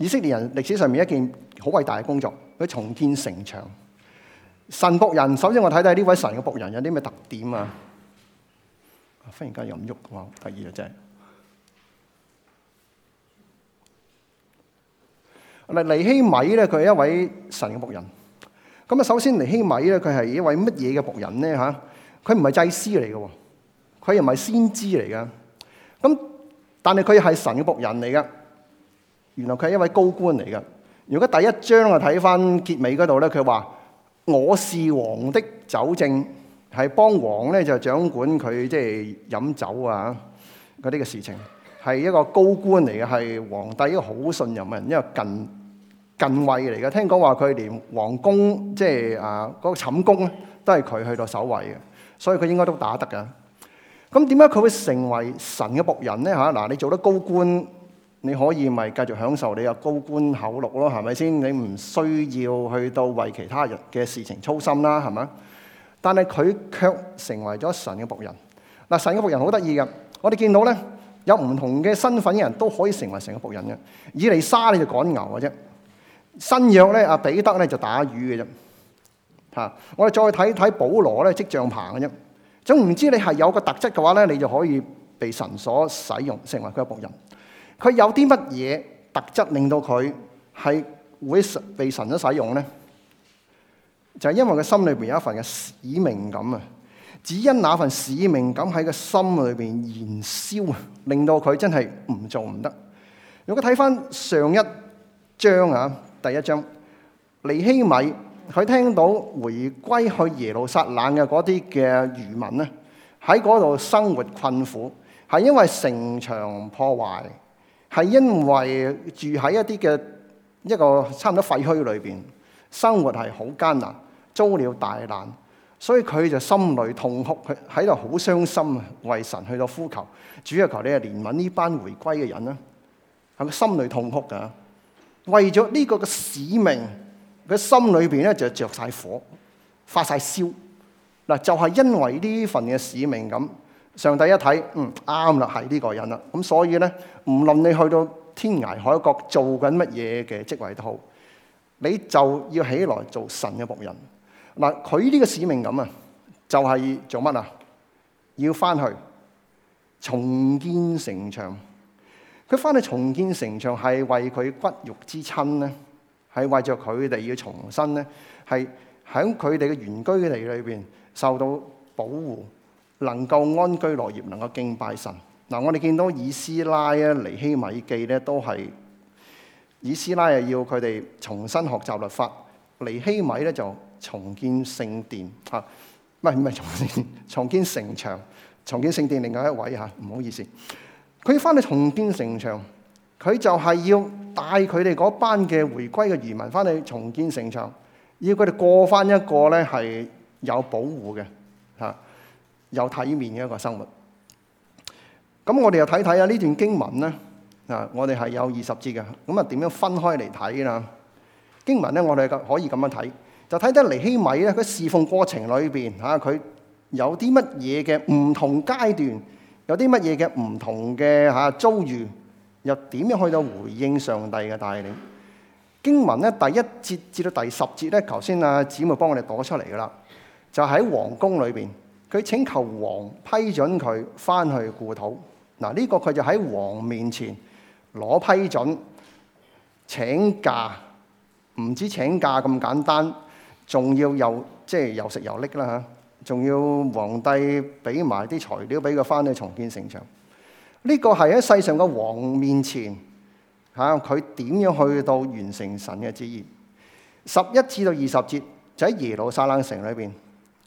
以色列人歷史上面一件好偉大嘅工作，佢重建城牆。神僕人，首先我睇睇呢位神嘅僕人有啲咩特點啊？忽然間又唔喐，好得意啊。真係。阿尼希米咧，佢係一位神嘅僕人。咁啊，首先尼希米咧，佢係一位乜嘢嘅僕人咧？吓，佢唔係祭司嚟嘅，佢又唔係先知嚟嘅。咁但係佢係神嘅僕人嚟嘅。原來佢係一位高官嚟嘅。如果第一章啊睇翻結尾嗰度咧，佢話，我是王的酒政，係幫王咧就掌管佢即係飲酒啊嗰啲嘅事情，係一個高官嚟嘅，係皇帝一個好信任嘅人，因為近近位嚟嘅。聽講話佢連皇宮即係、就是、啊嗰、那個寢宮咧，都係佢去到守衛嘅，所以佢應該都打得噶。咁點解佢會成為神嘅僕人咧？吓、啊、嗱，你做得高官，你可以咪繼續享受你嘅高官厚祿咯，係咪先？你唔需要去到為其他人嘅事情操心啦，係咪？但係佢卻成為咗神嘅僕人。嗱，神嘅僕人好得意㗎。我哋見到咧，有唔同嘅身份嘅人都可以成為神嘅僕人嘅。以利沙你就趕牛嘅啫，新約咧阿彼得咧就打魚嘅啫。嚇！我哋再睇睇保羅咧，織帳棚嘅啫。總言之，你係有個特質嘅話咧，你就可以被神所使用，成為佢嘅僕人。佢有啲乜嘢特質令到佢係會被神所使用咧？就係因為佢心裏邊有一份嘅使命感啊！只因那份使命感喺個心裏邊燃燒，令到佢真係唔做唔得。如果睇翻上一章啊，第一章，尼希米佢聽到回歸去耶路撒冷嘅嗰啲嘅漁民咧，喺嗰度生活困苦，係因為城牆破壞。係因為住喺一啲嘅一個差唔多廢墟裏邊，生活係好艱難，遭了大難，所以佢就心裏痛哭，佢喺度好傷心啊！為神去到呼求，主啊，求你啊，憐憫呢班回歸嘅人啦，係咪心裏痛哭噶？為咗呢個嘅使命，佢心裏邊咧就着晒火，發晒燒，嗱就係、是、因為呢份嘅使命咁。上帝一睇，嗯，啱啦，係呢個人啦。咁所以咧，唔論你去到天涯海角做緊乜嘢嘅職位都好，你就要起來做神嘅僕人。嗱，佢呢個使命感啊，就係做乜啊？要翻去重建城牆。佢翻去重建城牆，係為佢骨肉之親咧，係為咗佢哋要重生咧，係喺佢哋嘅原居地裏邊受到保護。能夠安居樂業，能夠敬拜神嗱、啊。我哋見到以斯拉咧、尼希米記咧，都係以斯拉啊，要佢哋重新學習律法；尼希米咧就重建聖殿嚇，唔係唔係重建重建城牆，重建聖殿。另外一位嚇，啊、唔好意思，佢翻去重建城牆，佢就係要帶佢哋嗰班嘅回歸嘅移民翻去重建城牆，要佢哋過翻一個咧係有保護嘅嚇。啊有體面嘅一個生活，咁我哋又睇睇下呢段經文咧，啊，我哋係有二十節嘅，咁啊點樣分開嚟睇啦？經文咧我哋可以咁樣睇，就睇得尼希米咧佢侍奉過程裏邊，吓佢有啲乜嘢嘅唔同階段，有啲乜嘢嘅唔同嘅吓遭遇，又點樣去到回應上帝嘅帶領？經文咧第一節至到第十節咧，頭先阿姊妹幫我哋攞出嚟噶啦，就喺、是、皇宮裏邊。佢請求王批准佢翻去故土。嗱，呢個佢就喺王面前攞批准請假，唔止請假咁簡單，仲要又即係又食又拎啦嚇，仲、啊、要皇帝俾埋啲材料俾佢翻去重建城牆。呢、這個係喺世上嘅王面前嚇，佢、啊、點樣去到完成神嘅旨意？十一至到二十節就喺耶路撒冷城裏邊。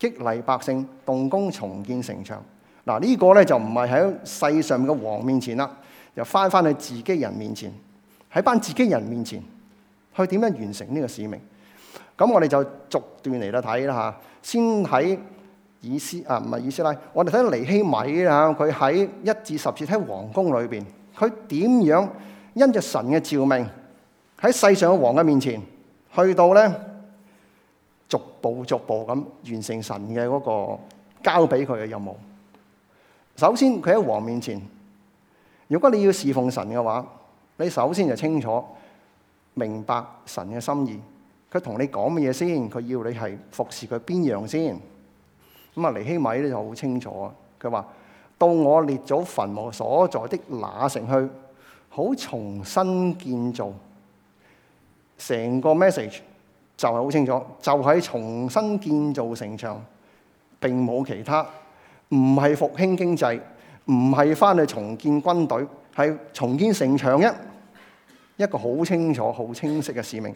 激勵百姓動工重建城牆。嗱、這、呢個咧就唔係喺世上嘅王面前啦，就翻翻去自己人面前，喺班自己人面前去點樣完成呢個使命？咁我哋就逐段嚟到睇啦吓。先喺以斯啊，唔係以斯拉，我哋睇到尼希米啦。佢喺一至十次喺皇宮裏邊，佢點樣因着神嘅照明喺世上嘅王嘅面前去到咧？逐步逐步咁完成神嘅嗰個交俾佢嘅任務。首先佢喺王面前，如果你要侍奉神嘅話，你首先就清楚明白神嘅心意。佢同你講乜嘢先？佢要你係服侍佢邊樣先？咁啊，尼希米咧就好清楚，啊，佢話到我列祖墳墓所在的那城去，好重新建造成個 message。就係好清楚，就係、是、重新建造城牆，並冇其他，唔係復興經濟，唔係翻去重建軍隊，係重建城牆，嘅一個好清楚、好清晰嘅使命，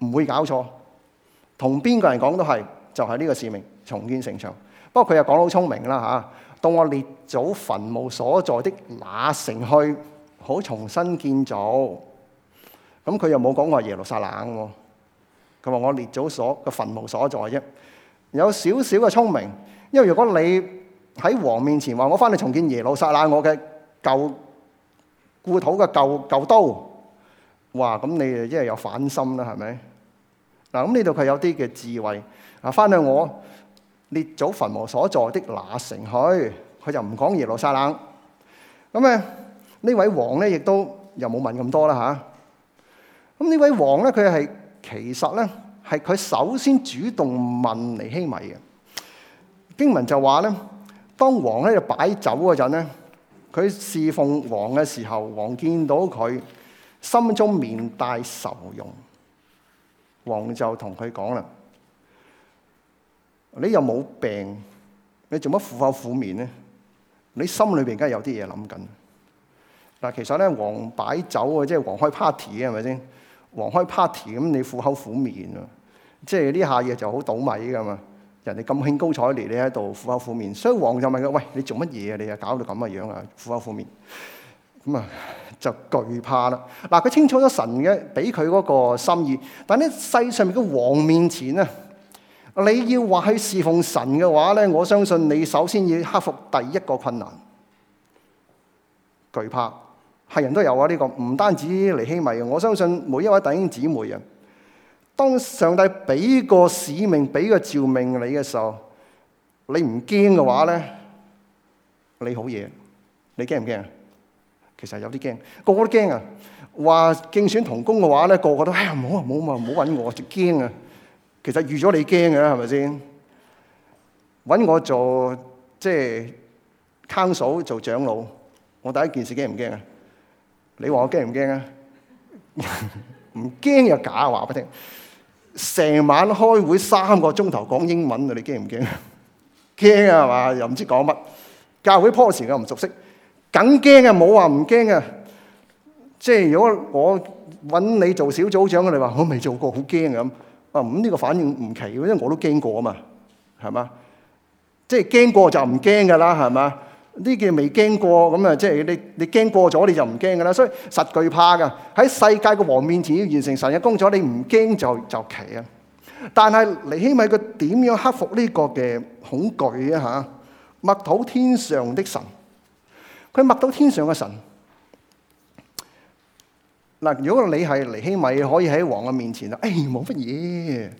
唔會搞錯。同邊個人講都係，就係、是、呢個使命：重建城牆。不過佢又講得好聰明啦嚇、啊，到我列祖墳墓所在的那城去，好重新建造。咁佢又冇講過耶路撒冷喎、啊。佢話：我列祖所嘅墳墓所在啫，有少少嘅聰明。因為如果你喺王面前話：我翻去重建耶路撒冷我嘅舊故土嘅舊舊都，哇！咁你誒即係有反心啦，係咪？嗱，咁呢度佢有啲嘅智慧啊，翻去我列祖墳墓，墓所在的那城去，佢就唔講耶路撒冷。咁咧呢位王咧亦都又冇問咁多啦嚇。咁呢位王咧佢係。其實咧，係佢首先主動問尼希米嘅經文就話咧，當王喺度擺酒嗰陣咧，佢侍奉王嘅時候，王見到佢心中面帶愁容，王就同佢講啦：你又冇病，你做乜苦口苦面咧？你心裏邊梗係有啲嘢諗緊。嗱，其實咧，王擺酒啊，即係王開 party 啊，係咪先？王開 party 咁，你苦口苦面啊！即係呢下嘢，就好倒米噶嘛人哋咁興高采烈，你喺度苦口苦面，所以王就問佢，喂，你做乜嘢啊？你又搞到咁嘅樣啊？苦口苦面，咁啊就懼怕啦！嗱，佢清楚咗神嘅俾佢嗰個心意，但係呢世上面嘅王面前啊，你要話去侍奉神嘅話咧，我相信你首先要克服第一個困難，懼怕。係人都有啊！呢、這個唔單止尼希米啊，我相信每一位弟兄姊妹啊，當上帝俾個使命、俾個召命你嘅時候，你唔驚嘅話咧，你好嘢。你驚唔驚啊？其實有啲驚，個個都驚啊！話競選同工嘅話咧，個個都哎呀冇啊冇啊唔好揾我，就驚啊！其實預咗你驚㗎啦，係咪先？揾我做即係康嫂做長老，我第一件事驚唔驚啊？怕你話我驚唔驚啊？唔驚又假話畀你聽，成晚開會三個鐘頭講英文啊！你驚唔驚？驚啊嘛！又唔知講乜，教會 post 時又唔熟悉，梗驚啊！冇話唔驚啊！即係如果我揾你做小組長，你話我未做過，好驚咁。啊咁呢個反應唔奇，因為我都驚過啊嘛，係嘛？即係驚過就唔驚噶啦，係嘛？呢件未驚過咁啊！即係你你驚過咗，你，你就唔驚㗎喇。所以實懼怕㗎。喺世界嘅王面前要完成神嘅工作，你唔驚就就奇啊！但係尼希米佢點樣克服呢個嘅恐懼啊？吓，默禱天上的神，佢默禱天上嘅神。嗱，如果你係尼希米，可以喺王嘅面前啊！哎，冇乜嘢。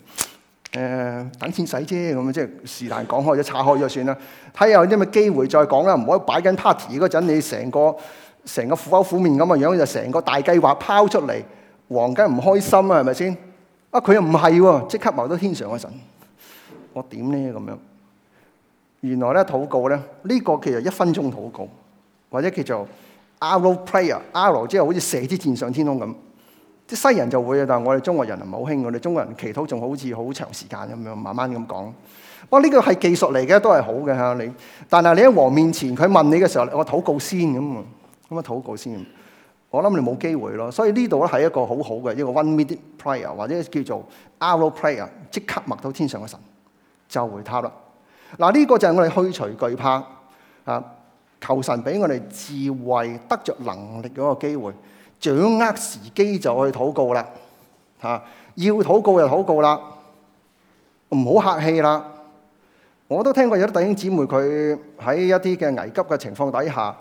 誒、呃、等錢使啫，咁啊，即係是時難講開，即拆岔開咗算啦。睇下有啲咩機會再講啦，唔可以擺緊 party 嗰陣，你成個成個苦口苦面咁嘅樣，就成個大計劃拋出嚟，王家唔開心啊，係咪先？啊，佢又唔係喎，即刻謀到天上嘅神，我點呢？咁樣？原來咧禱告咧，呢、呢個其實一分鐘禱告，或者叫做 Arrow Prayer，Arrow 即係好似射支箭上天空咁。啲西人就會啊，但係我哋中國人唔好興。我哋中國人祈禱仲好似好長時間咁樣，慢慢咁講。哇！呢個係技術嚟嘅，都係好嘅嚇你。但係你喺王面前，佢問你嘅時候，我禱告先咁咁啊禱告先。我諗你冇機會咯。所以呢度咧係一個好好嘅一個 one minute prayer 或者叫做 arrow prayer 即刻默到天上嘅神就回他啦。嗱，呢個就係我哋去除懼怕啊，求神俾我哋智慧，得着能力嗰個機會。掌握時機就去禱告啦，嚇、啊、要禱告就禱告啦，唔好客氣啦。我都聽過有啲弟兄姊妹佢喺一啲嘅危急嘅情況底下，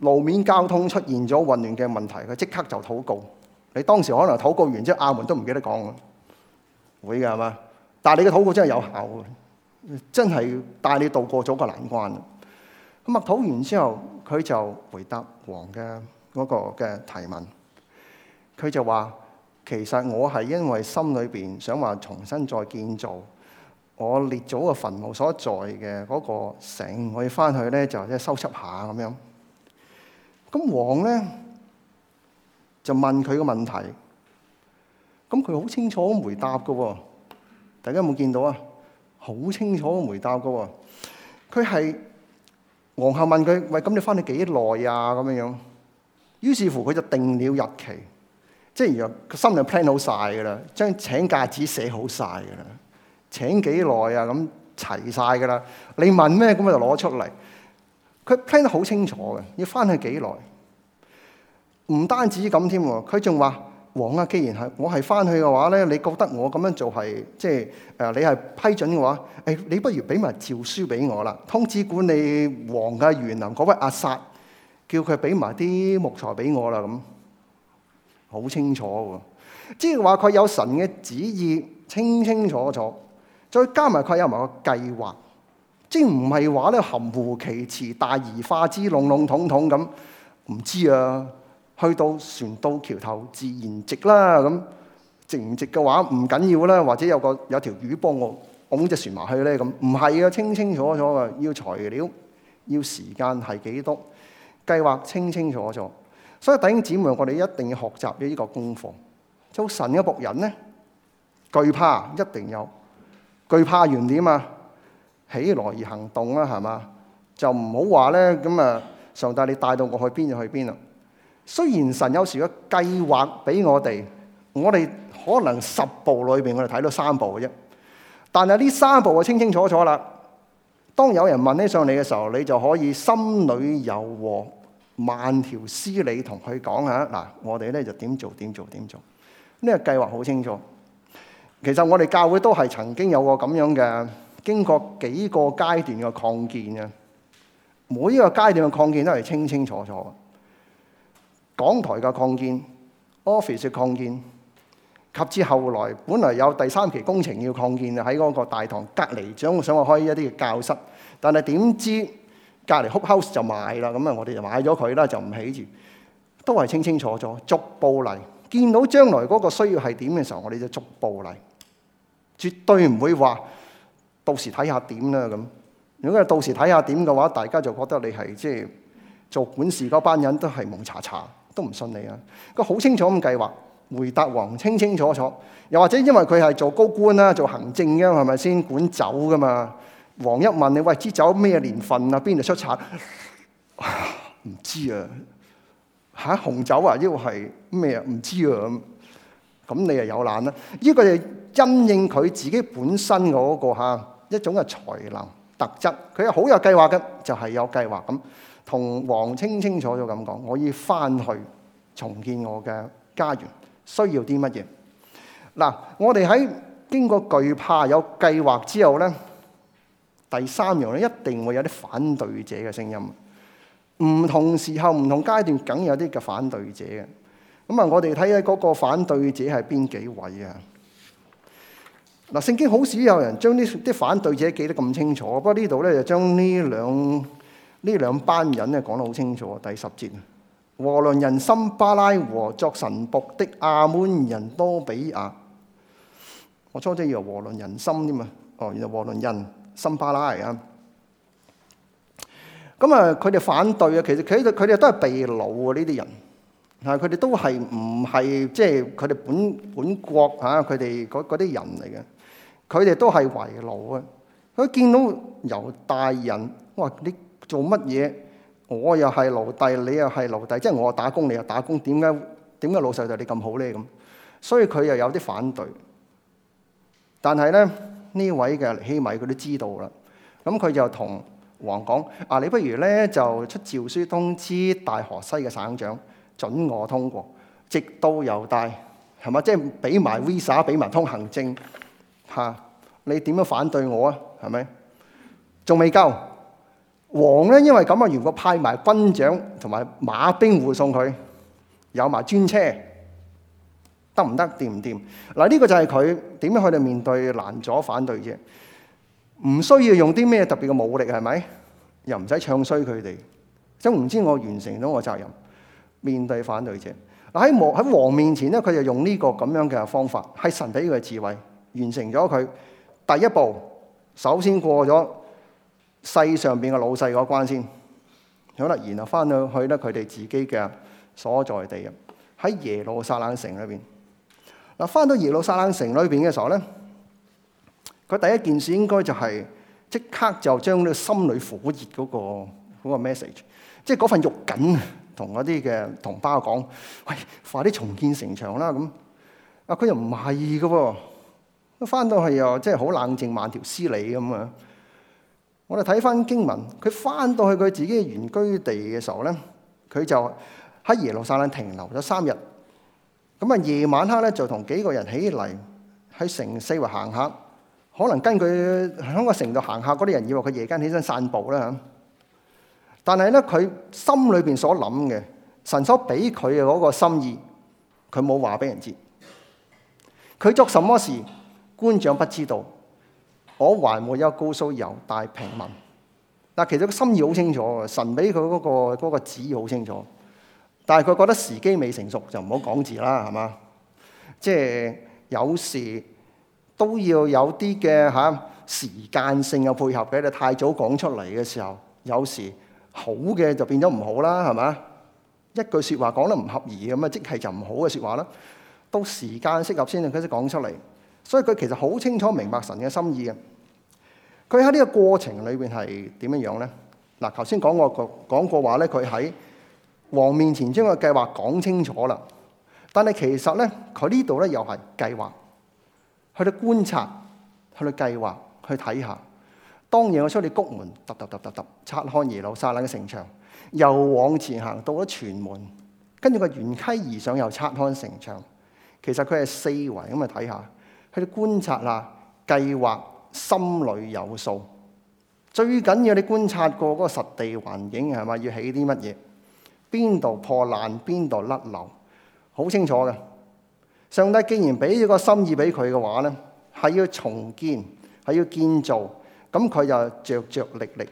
路面交通出現咗混亂嘅問題，佢即刻就禱告。你當時可能禱告完之後，阿門都唔記得講喎，會㗎係嘛？但係你嘅禱告真係有效，真係帶你度過咗個難關。咁禱完之後，佢就回答王嘅嗰個嘅提問。佢就話：其實我係因為心裏邊想話重新再建造我列祖嘅墳墓所在嘅嗰個城，我要翻去咧就即、是、係修葺下咁樣。咁王咧就問佢個問題，咁佢好清楚咁回答噶、哦。大家有冇見到啊？好清楚咁回答噶、哦。佢係。皇后問佢：喂，咁你返去幾耐啊？咁樣，於是乎佢就定了日期，即係原來佢心裏 plan 好曬噶啦，將請假紙寫好曬噶啦，請幾耐啊？咁齊曬噶啦，你問咩？咁就攞出嚟。佢 plan 得好清楚嘅，要返去幾耐？唔單止咁添，佢仲話。王啊，既然係我係翻去嘅話咧，你覺得我咁樣做係即係誒，你係批准嘅話，誒、哎，你不如俾埋詔書俾我啦，通知管理王嘅園林嗰位阿薩，叫佢俾埋啲木材俾我啦，咁好清楚嘅，即係話佢有神嘅旨意，清清楚楚，再加埋佢有埋個計劃，即係唔係話咧含糊其辭、大而化之隆隆彤彤彤、籠籠統統咁，唔知啊。去到船到橋頭自然直啦。咁直唔直嘅話唔緊要啦，或者有個有條魚幫我掹隻船埋去咧。咁唔係啊，清清楚楚嘅要材料，要時間係幾多，計劃清清楚楚。所以弟兄姊妹，我哋一定要學習呢一個功課。做神嘅僕人咧，懼怕一定有，懼怕完點啊？起來而行動啦，係嘛？就唔好話咧咁啊！上帝，你帶到我去邊就去邊啦。雖然神有時嘅計劃俾我哋，我哋可能十步裏邊我哋睇到三步嘅啫。但係呢三步我清清楚楚啦。當有人問起上嚟嘅時候，你就可以心裏柔和，慢條斯理同佢講下嗱。我哋咧就點做點做點做呢個計劃好清楚。其實我哋教會都係曾經有過咁樣嘅，經過幾個階段嘅擴建嘅。每一個階段嘅擴建都係清清楚楚。港台嘅擴建，office 嘅擴建，及至後來本來有第三期工程要擴建啊，喺嗰個大堂隔離想想話開一啲嘅教室，但係點知隔離 hook house 就賣啦，咁啊我哋就買咗佢啦，就唔起住，都係清清楚楚，逐步嚟見到將來嗰個需要係點嘅時候，我哋就逐步嚟，絕對唔會話到時睇下點啦咁。如果係到時睇下點嘅話，大家就覺得你係即係做管事嗰班人都係蒙查查。都唔信你啊！佢好清楚咁計劃，回答王清清楚楚。又或者因為佢係做高官啦，做行政嘅，係咪先管酒噶嘛？王一問你：喂，支酒咩年份啊？邊度出產？唔知啊！嚇、啊，紅酒啊，要係咩啊？唔知啊咁。咁你又有懶啦？呢個就因應佢自己本身嗰、那個一種嘅才能特質，佢好有計劃嘅，就係、是、有計劃咁。同王清清楚楚咁講，我要翻去重建我嘅家園，需要啲乜嘢？嗱，我哋喺經過懼怕有計劃之後咧，第三樣咧一定會有啲反對者嘅聲音。唔同時候，唔同階段，梗有啲嘅反對者嘅。咁啊，我哋睇下嗰個反對者係邊幾位啊？嗱，聖經好少有人將呢啲反對者記得咁清楚，不過呢度咧就將呢兩。呢兩班人咧講得好清楚，第十節，和倫人參巴拉和作神僕的亞捫人多比雅，我初初以為和倫人心添嘛，哦，原來和倫人參巴拉啊。咁、嗯、啊，佢哋反對啊。其實佢哋佢哋都係被奴啊。呢啲人啊，佢哋都係唔係即係佢哋本本國啊？佢哋嗰啲人嚟嘅，佢哋都係為奴啊。佢見到猶大人，我啲。做乜嘢？我又係奴隸，你又係奴隸，即係我打工，你又打工，點解點解老細對你咁好呢？咁，所以佢又有啲反對。但係呢，呢位嘅尼希米佢都知道啦。咁、嗯、佢就同王講：啊，你不如呢，就出詔書通知大河西嘅省長，準我通過，直到猶大，係咪？即係俾埋 visa，俾埋通行證嚇、啊，你點樣反對我啊？係咪？仲未夠？王咧，因為咁啊，如果派埋軍長同埋馬兵護送佢，有埋專車，得唔得？掂唔掂？嗱，呢個就係佢點樣去到面對攔阻反對啫？唔需要用啲咩特別嘅武力係咪？又唔使唱衰佢哋，都唔知我完成咗我責任，面對反對者。嗱，喺王喺王面前咧，佢就用呢個咁樣嘅方法，係神俾佢嘅智慧，完成咗佢第一步，首先過咗。世上邊嘅老細嗰關先，好啦，然後翻到去咧，佢哋自己嘅所在地啊，喺耶路撒冷城裏邊。嗱，翻到耶路撒冷城裏邊嘅時候咧，佢第一件事應該就係即刻就將呢個心裏火熱嗰個 message，即係嗰份肉緊，同嗰啲嘅同胞講，喂，快啲重建城牆啦！咁啊，佢又唔係嘅喎，翻到去又真係好冷靜，慢條斯理咁啊。我哋睇翻經文，佢翻到去佢自己嘅原居地嘅時候咧，佢就喺耶路撒冷停留咗三日。咁啊，夜晚黑咧就同幾個人起嚟喺城四圍行客。可能根據喺個城度行客嗰啲人以為佢夜間起身散步啦。但係咧，佢心裏邊所諗嘅，神所俾佢嘅嗰個心意，佢冇話俾人知。佢做什麼事，官長不知道。我還冇有告訴猶大平民。但其實個心意好清楚，神俾佢嗰個嗰旨、那個、意好清楚。但係佢覺得時機未成熟，就唔好講字啦，係嘛？即、就、係、是、有時都要有啲嘅嚇時間性嘅配合嘅，你太早講出嚟嘅時候，有時好嘅就變咗唔好啦，係嘛？一句説話講得唔合宜咁啊，即係就唔好嘅説話啦。到時間適合先，佢先講出嚟。所以佢其實好清楚明白神嘅心意嘅。佢喺呢個過程裏邊係點樣樣咧？嗱，頭先講過講過話咧，佢喺王面前將個計劃講清楚啦。但係其實咧，佢呢度咧又係計劃去到觀察，去到計劃去睇下。當夜我出嚟谷門，揼揼揼揼揼，拆開耶路撒冷嘅城牆，又往前行到咗泉門，跟住佢沿溪而上，又拆開城牆。其實佢係四圍咁啊睇下。看看佢觀察啦，計劃，心裏有數。最緊要你觀察過嗰個實地環境係咪要起啲乜嘢？邊度破爛，邊度甩漏，好清楚嘅。上帝既然俾咗個心意俾佢嘅話咧，係要重建，係要建造，咁佢就着着力力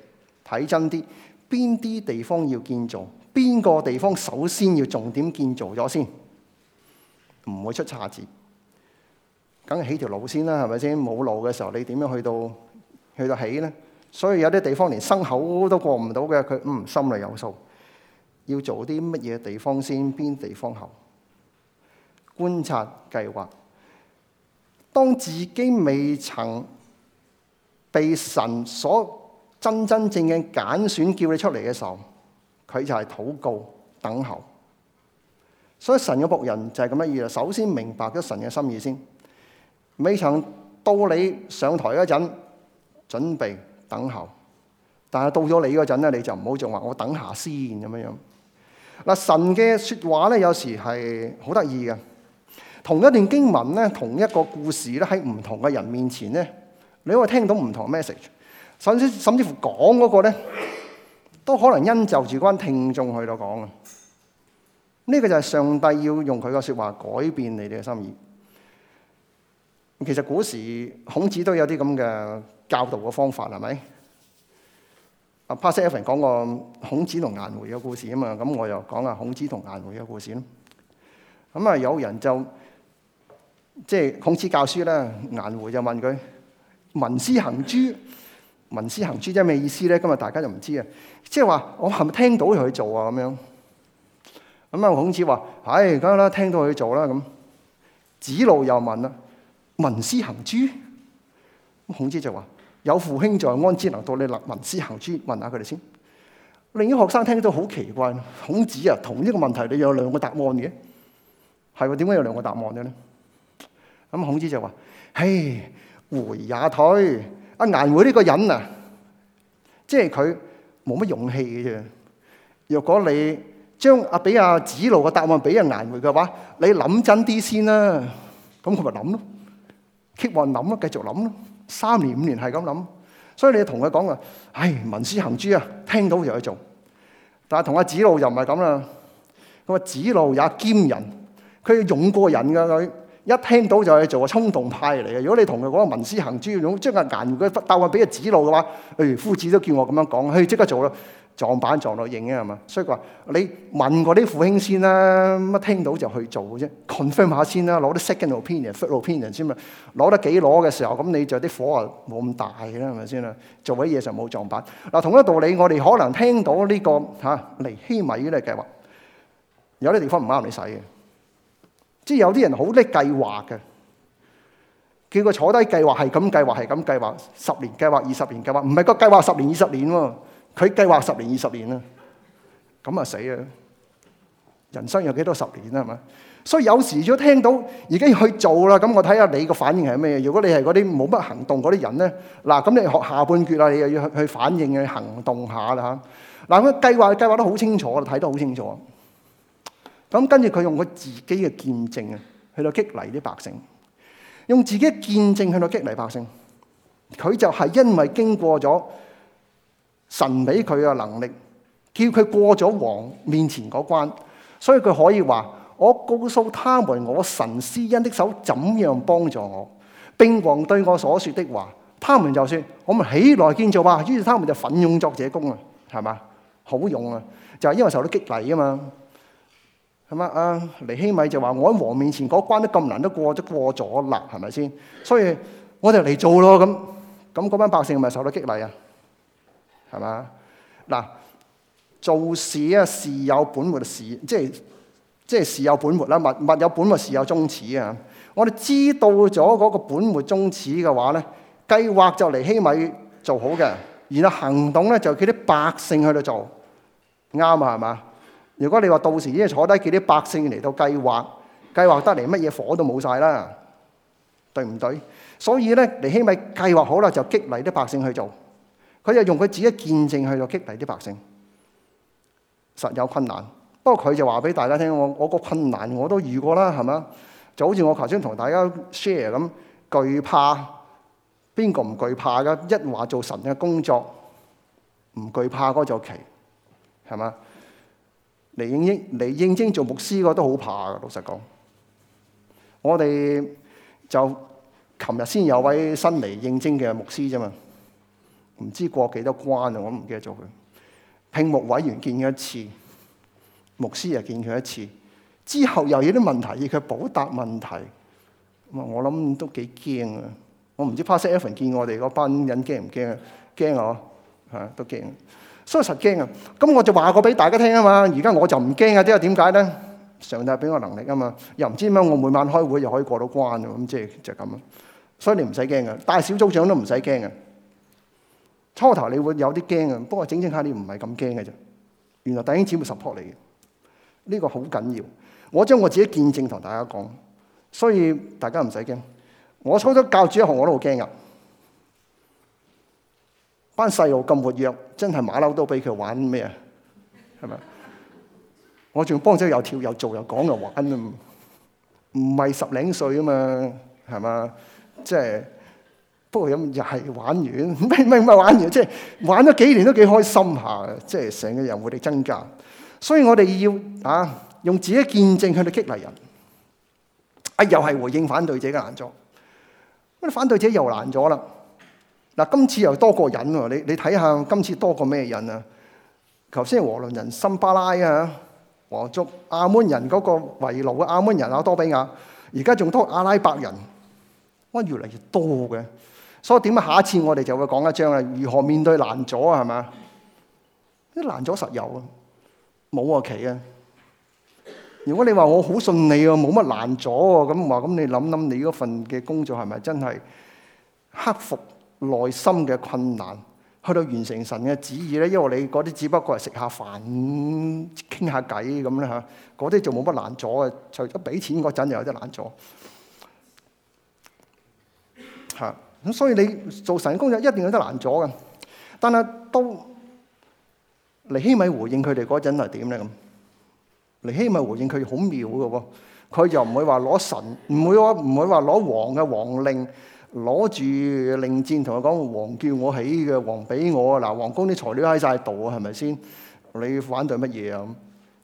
睇真啲，邊啲地方要建造，邊個地方首先要重點建造咗先，唔會出岔子。梗係起條路先啦，係咪先冇路嘅時候，你點樣去到去到起咧？所以有啲地方連牲口都過唔到嘅，佢嗯，心裏有數，要做啲乜嘢地方先，邊地方後，觀察計劃。當自己未曾被神所真真正正揀選叫你出嚟嘅時候，佢就係禱告等候。所以神嘅僕人就係咁樣意啦。首先明白咗神嘅心意先。未曾到你上台嗰陣，準備等候，但係到咗你嗰陣咧，你就唔好仲話我等下先咁樣樣。嗱，神嘅說話咧，有時係好得意嘅。同一段經文咧，同一個故事咧，喺唔同嘅人面前咧，你可以聽到唔同 message。甚至甚至乎講嗰個咧，都可能因就住關聽眾去到講啊。呢、這個就係上帝要用佢嘅說話改變你哋嘅心意。其實古時孔子都有啲咁嘅教導嘅方法，係咪？阿 Pastor 講過孔子同顏回嘅故事啊嘛，咁我又講下孔子同顏回嘅故事啦。咁啊，有人就即係孔子教書咧，顏回就問佢“聞斯行諸”，“聞斯行諸”即係咩意思咧？今日大家就唔知啊。即係話我係咪聽到佢做啊？咁樣。咁啊，孔子話：，唉、哎，梗係啦，聽到佢做啦。咁子路又問啦。文師行諸，孔子就話：有父兄在，安之能到？你立。」文師行諸，問下佢哋先。另一個學生聽到好奇怪，孔子啊，同一個問題你有兩個答案嘅，係喎？點解有兩個答案嘅咧？咁孔子就話：，唉，回也退，阿、啊、顏回呢個人啊，即係佢冇乜勇氣嘅啫。若果你將阿、啊、俾阿、啊、子路嘅答案俾阿、啊、顏回嘅話，你諗真啲先啦。咁佢咪諗咯。繼續諗啊繼續諗咯，三年五年係咁諗。所以你同佢講啊，唉、哎，聞斯行諸啊，聽到就去做。但係同阿子路又唔係咁啦。佢話子路也兼人，佢要勇過人噶佢，一聽到就去做啊，衝動派嚟嘅。如果你同佢講聞斯行諸，將個顏嘅答案俾阿子路嘅話，唉、哎，夫子都叫我咁樣講，佢，即刻做啦。撞板撞落影嘅係嘛？所以話你問過啲父兄先啦，乜聽到就去做啫，啊，confirm 下先啦，攞啲 second opinion、third opinion 先啦，攞得幾攞嘅時候，咁你就啲火啊冇咁大嘅啦，係咪先啦？做啲嘢就冇撞板。嗱，同一道理，我哋可能聽到呢、這個尼希米嘅呢計劃，有啲地方唔啱你使嘅，即係有啲人好叻計劃嘅，叫佢坐低計劃係咁計劃係咁計劃，十年計劃二十年計劃，唔係個計劃十年二十年喎。佢計劃十年二十年啦，咁啊死啊！人生有幾多十年係嘛？所以有時如果聽到而家要去做啦，咁我睇下你個反應係咩？如果你係嗰啲冇乜行動嗰啲人咧，嗱，咁你學下半決啦，你又要去反應去行動下啦嚇。嗱，佢計劃計劃得好清楚，睇得好清楚。咁跟住佢用佢自己嘅見證啊，去到激勵啲百姓，用自己嘅見證去到激勵百姓。佢就係因為經過咗。神俾佢嘅能力，叫佢過咗王面前嗰關，所以佢可以話：我告訴他們我神施恩的手怎樣幫助我，並王對我所說的話，他們就說：我們起來建造吧。於是他們就奮勇作這工啊，係嘛，好勇啊，就係因為受到激勵啊嘛。咁啊啊尼希米就話：我喺王面前嗰關都咁難都過，都過咗啦，係咪先？所以我哋嚟做咯，咁咁嗰班百姓咪受到激勵啊！係嘛？嗱，做事啊，事有本末，事即係即係事有本末啦，物物有本末，事有終始啊！我哋知道咗嗰個本末終始嘅話咧，計劃就尼希米做好嘅，然後行動咧就叫啲百姓去度做，啱啊，係嘛？如果你話到時已經坐低，叫啲百姓嚟到計劃，計劃得嚟乜嘢火都冇晒啦，對唔對？所以咧，尼希米計劃好啦，就激勵啲百姓去做。佢就用佢自己嘅見證去到激勵啲百姓，實有困難。不過佢就話俾大家聽：我我個困難我都遇過啦，係嘛？就好似我頭先同大家 share 咁，懼怕，邊個唔懼怕噶？一話做神嘅工作，唔懼怕嗰座奇，係嘛？嚟應徵嚟應徵做牧師個都好怕㗎。老實講，我哋就琴日先有位新嚟應徵嘅牧師啫嘛。唔知過幾多關啊！我唔記得咗佢。聘牧委員見佢一次，牧師又見佢一次，之後又有啲問題要佢補答問題。咁啊，我諗都幾驚啊！我唔知 Pastor Evan 見我哋嗰班人驚唔驚啊？驚我？嚇都驚，所以實驚啊！咁我就話過俾大家聽啊嘛。而家我就唔驚啊，因為點解咧？上帝俾我能力啊嘛，又唔知點樣，我每晚開會又可以過到關啊！咁即係就咁啊。所以你唔使驚嘅，大小組長都唔使驚嘅。初頭你會有啲驚啊，不過整整下你唔係咁驚嘅啫。原來弟兄姊妹 support 你嘅，呢個好緊要。我將我自己見證同大家講，所以大家唔使驚。我初初教主日學我都好驚噶，班細路咁活躍，真係馬騮都俾佢玩咩啊？係咪？我仲幫咗又跳又做又講又玩啊！唔係十零歲啊嘛，係嘛？即係。不過咁又係玩完，咩咩咩玩完，即係玩咗幾年都幾開心下，即係成個人活力增加。所以我哋要啊用自己見證佢哋激勵人，啊又係回應反對者嘅難阻，咁反對者又難咗啦。嗱、啊、今次又多個人喎，你你睇下今次多個咩人啊？頭先和倫人、森巴拉啊、黃族、亞門人嗰個遺留嘅亞門人阿多比亞，而家仲多阿拉伯人，我、啊、越嚟越多嘅。所以點解下一次我哋就會講一章啦。如何面對難阻啊？係咪？啲難阻實有啊，冇話奇啊！如果你話我好順利啊，冇乜難阻啊，咁話咁你諗諗你嗰份嘅工作係咪真係克服內心嘅困難，去到完成神嘅旨意咧？因為你嗰啲只不過係食下飯、傾下偈咁啦嚇。嗰啲就冇乜難阻啊。除咗俾錢嗰陣又有啲難阻嚇。咁所以你做神工就一定有得難咗嘅，但係到尼希米回應佢哋嗰陣係點咧咁？尼希米回應佢哋好妙嘅喎，佢又唔會話攞神，唔會話唔會話攞王嘅王令，攞住令箭同佢講，王叫我起嘅，王俾我，嗱，皇宮啲材料喺晒度啊，係咪先？你反對乜嘢啊？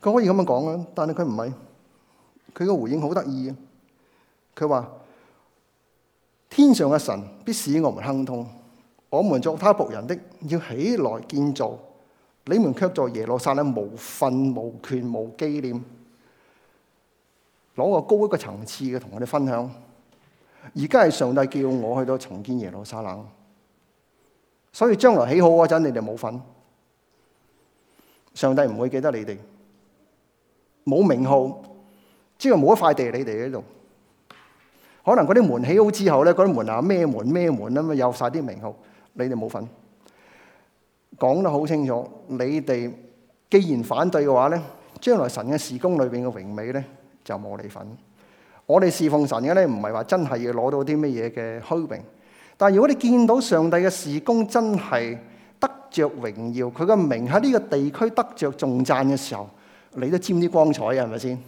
咁佢可以咁樣講啊，但係佢唔係，佢個回應好得意啊，佢話。天上嘅神必使我們亨通，我們作他僕人的要起來建造，你們卻在耶路撒冷無份無權無紀念。攞個高一個層次嘅同我哋分享，而家係上帝叫我去到重建耶路撒冷，所以將來起好嗰陣你哋冇份，上帝唔會記得你哋，冇名號，只係冇一塊地你哋喺度。可能嗰啲門起好之後咧，嗰啲門啊咩門咩門咁啊，有晒啲名號，你哋冇份。講得好清楚，你哋既然反對嘅話咧，將來神嘅事工裏邊嘅榮美咧就冇你份。我哋侍奉神嘅咧，唔係話真係要攞到啲咩嘢嘅虛榮。但如果你見到上帝嘅事工真係得着榮耀，佢嘅名喺呢個地區得着重讚嘅時候，你都沾啲光彩啊，係咪先？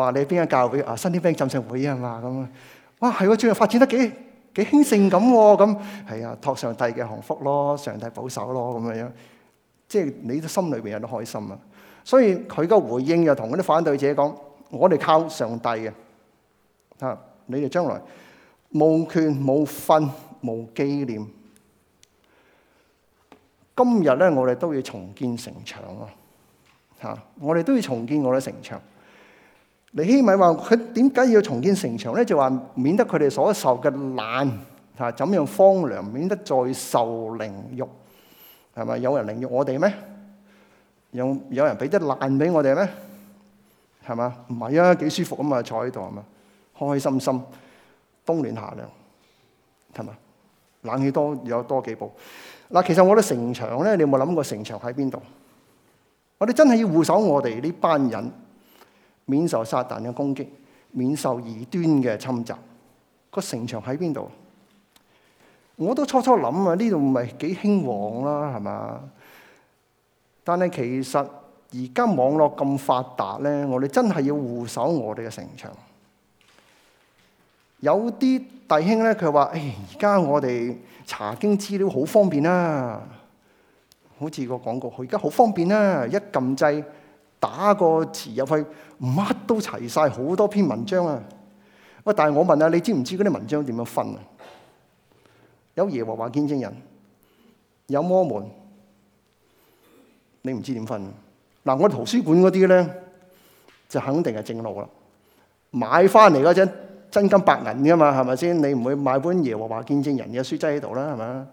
話你邊個教會啊？新天兵浸聖會啊嘛，咁，哇係喎，最近發展得幾幾興盛，咁，咁係啊，託上帝嘅鴻福咯，上帝保守咯，咁樣，即係你都心裏邊有啲開心啊。所以佢個回應又同嗰啲反對者講：我哋靠上帝嘅，吓，你哋將來無權無分無紀念。今日咧，我哋都要重建城牆啊！吓，我哋都要重建我哋城牆。你尼希米話佢點解要重建城牆咧？就話免得佢哋所受嘅難，吓怎樣荒涼，免得再受凌辱，係咪？有人凌辱我哋咩？有有人俾得難俾我哋咩？係嘛？唔係啊，幾舒服咁啊，坐喺度啊，係嘛？開開心心，冬暖夏涼，係嘛？冷氣多有多幾部。嗱，其實我哋城牆咧，你有冇諗過城牆喺邊度？我哋真係要護守我哋呢班人。免受撒旦嘅攻擊，免受異端嘅侵襲。個城牆喺邊度？我都初初諗啊，呢度唔係幾興旺啦，係嘛？但係其實而家網絡咁發達咧，我哋真係要護守我哋嘅城牆。有啲弟兄咧，佢話：誒、哎，而家我哋查經資料好方便啦、啊，好似個廣告，佢而家好方便啦、啊，一撳掣。打個詞入去，乜都齊晒，好多篇文章啊！喂，但係我問下、啊、你知唔知嗰啲文章點樣分啊？有耶和華見證人，有摩門，你唔知點分、啊？嗱，我哋圖書館嗰啲咧，就肯定係正路啦。買翻嚟嗰張真金白銀噶嘛，係咪先？你唔會買本耶和華見證人嘅書擠喺度啦，係咪啊？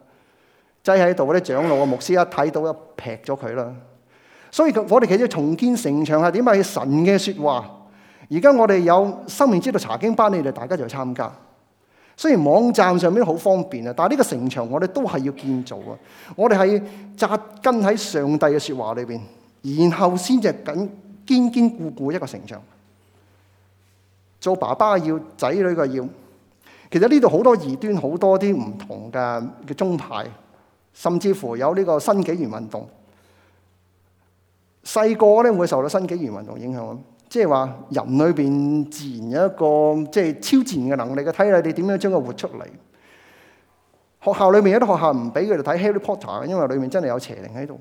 擠喺度嗰啲長老嘅牧師一睇到一劈咗佢啦。所以我哋其實重建城牆係點啊？係神嘅説話。而家我哋有生命之道查經班，你哋大家就參加。雖然網站上面好方便啊，但係呢個城牆我哋都係要建造啊。我哋係紮根喺上帝嘅説話裏邊，然後先至緊堅堅固固一個城牆。做爸爸要仔女嘅要。其實呢度好多異端，好多啲唔同嘅嘅宗派，甚至乎有呢個新紀元運動。細個咧會受到新紀元運動影響咯，即係話人裏邊自然有一個即係超自然嘅能力嘅，睇吓，你哋點樣將佢活出嚟？學校裏面有啲學校唔俾佢哋睇《Harry Potter》，因為裏面真係有邪靈喺度。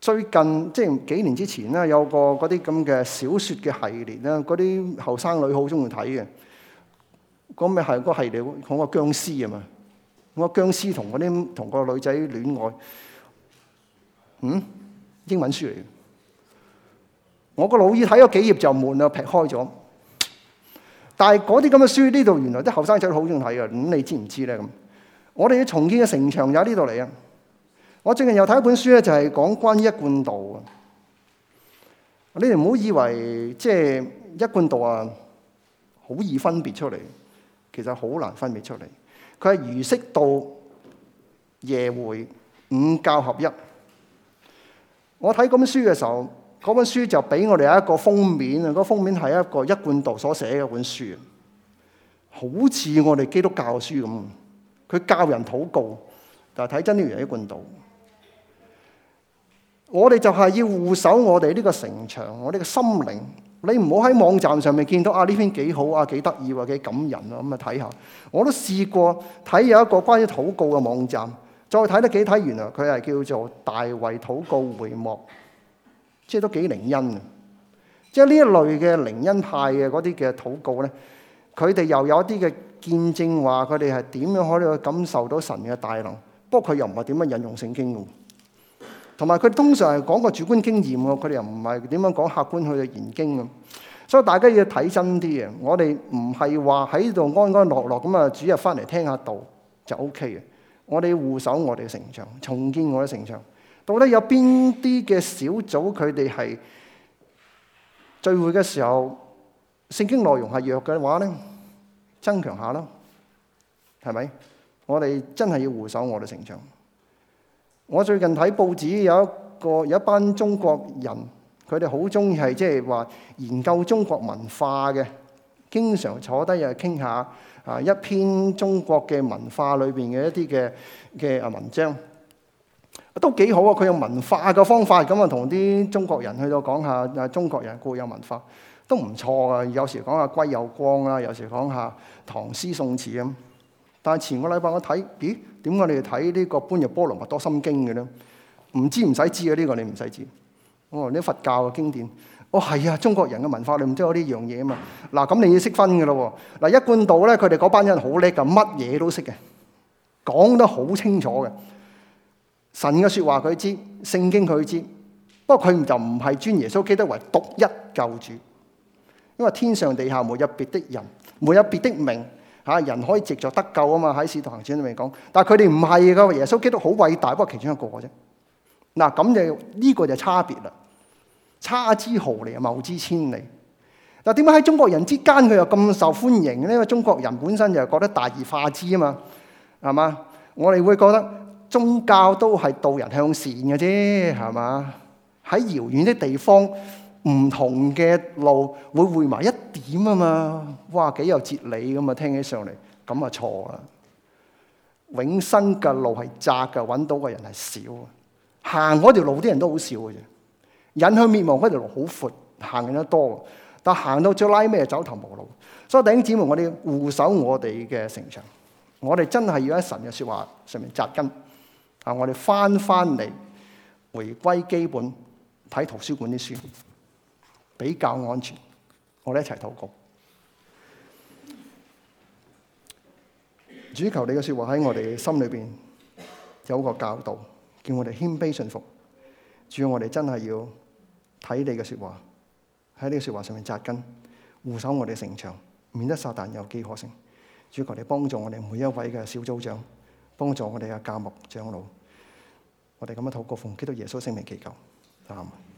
最近即係幾年之前咧，有個嗰啲咁嘅小説嘅系列咧，嗰啲後生女好中意睇嘅。嗰咪係個系列講個僵屍啊嘛，個殭屍同嗰啲同個女仔戀愛，嗯？英文書嚟嘅，我個老姨睇咗幾頁就悶啦，劈開咗。但係嗰啲咁嘅書呢度原來啲後生仔好中意睇嘅，咁你知唔知咧？咁我哋要重建嘅城牆喺呢度嚟啊！我最近又睇一本書咧，就係、是、講關於一貫道啊。你哋唔好以為即係、就是、一貫道啊，好易分別出嚟，其實好難分別出嚟。佢係儒釋道耶回五教合一。我睇嗰本書嘅時候，嗰本書就俾我哋一個封面啊！嗰、那個、封面係一個一貫道所寫嘅本書，好似我哋基督教書咁。佢教人禱告，但係睇真啲原來一貫道。我哋就係要護守我哋呢個城牆，我哋呢個心靈。你唔好喺網站上面見到啊！呢篇幾好啊，幾得意啊，幾感人啊！咁啊睇下，我都試過睇有一個關於禱告嘅網站。再睇得幾睇，原來佢係叫做大衛禱告回幕，即係都幾靈恩嘅。即係呢一類嘅靈恩派嘅嗰啲嘅禱告咧，佢哋又有啲嘅見證話，佢哋係點樣可以去感受到神嘅大能。不過佢又唔係點樣引用聖經嘅，同埋佢通常係講個主觀經驗，佢哋又唔係點樣講客觀去研經嘅。所以大家要睇真啲嘅，我哋唔係話喺度安安樂樂咁啊，主日翻嚟聽下道就 O K 嘅。我哋要護守我哋嘅城牆，重建我哋嘅城牆。到底有邊啲嘅小組佢哋係聚會嘅時候，聖經內容係弱嘅話咧，增強下囉，係咪？我哋真係要護守我哋嘅城牆。我最近睇報紙，有一個有一班中國人，佢哋好中意係即係話研究中國文化嘅，經常坐低又傾下。啊！一篇中國嘅文化裏邊嘅一啲嘅嘅啊文章，都幾好啊！佢有文化嘅方法咁啊，同啲中國人去到講下啊，中國人固有文化都唔錯啊！有時講下歸有光啦，有時講下唐詩宋詞咁。但係前個禮拜我睇，咦？點解你哋睇呢個《般若波羅蜜多心經》嘅咧？唔知唔使知啊！呢、這個你唔使知。哦，呢，佛教嘅經典。哦，係啊！中國人嘅文化你唔知有呢樣嘢啊嘛。嗱，咁你要識分嘅咯喎。嗱，一貫道咧，佢哋嗰班人好叻嘅，乜嘢都識嘅，講得好清楚嘅。神嘅説話佢知，聖經佢知。不過佢就唔係尊耶穌基督為獨一救主，因為天上地下沒有別的人，沒有別的名。嚇，人可以藉著得救啊嘛。喺《使徒行傳》裏面講，但係佢哋唔係嘅。耶穌基督好偉大，不過其中一個啫。嗱，咁就呢個就差別啦。差之毫釐，謬之千里。但點解喺中國人之間佢又咁受歡迎咧？因為中國人本身就覺得大而化之啊嘛，係嘛？我哋會覺得宗教都係導人向善嘅啫，係嘛？喺遙遠的地方，唔同嘅路會匯埋一點啊嘛。哇，幾有哲理咁啊！聽起上嚟咁啊錯啦！永生嘅路係窄嘅，搵到嘅人係少啊。行嗰條路啲人都好少嘅啫。引向滅亡嗰條路好闊，行得多，但行到最拉尾走投無路。所以弟兄姊妹，我哋護守我哋嘅城牆，我哋真係要喺神嘅說話上面紮根。啊，我哋翻翻嚟，回歸基本，睇圖書館啲書，比較安全。我哋一齊禱告，主求你嘅說話喺我哋心裏邊有個教導，叫我哋謙卑信服。主，我哋真係要。睇你嘅説話，喺呢個説話上面扎根，護守我哋城牆，免得撒旦有機可乘。主求你幫助我哋每一位嘅小組長，幫助我哋嘅教牧長老。我哋咁樣禱告，奉基督耶穌聖名祈求，阿門。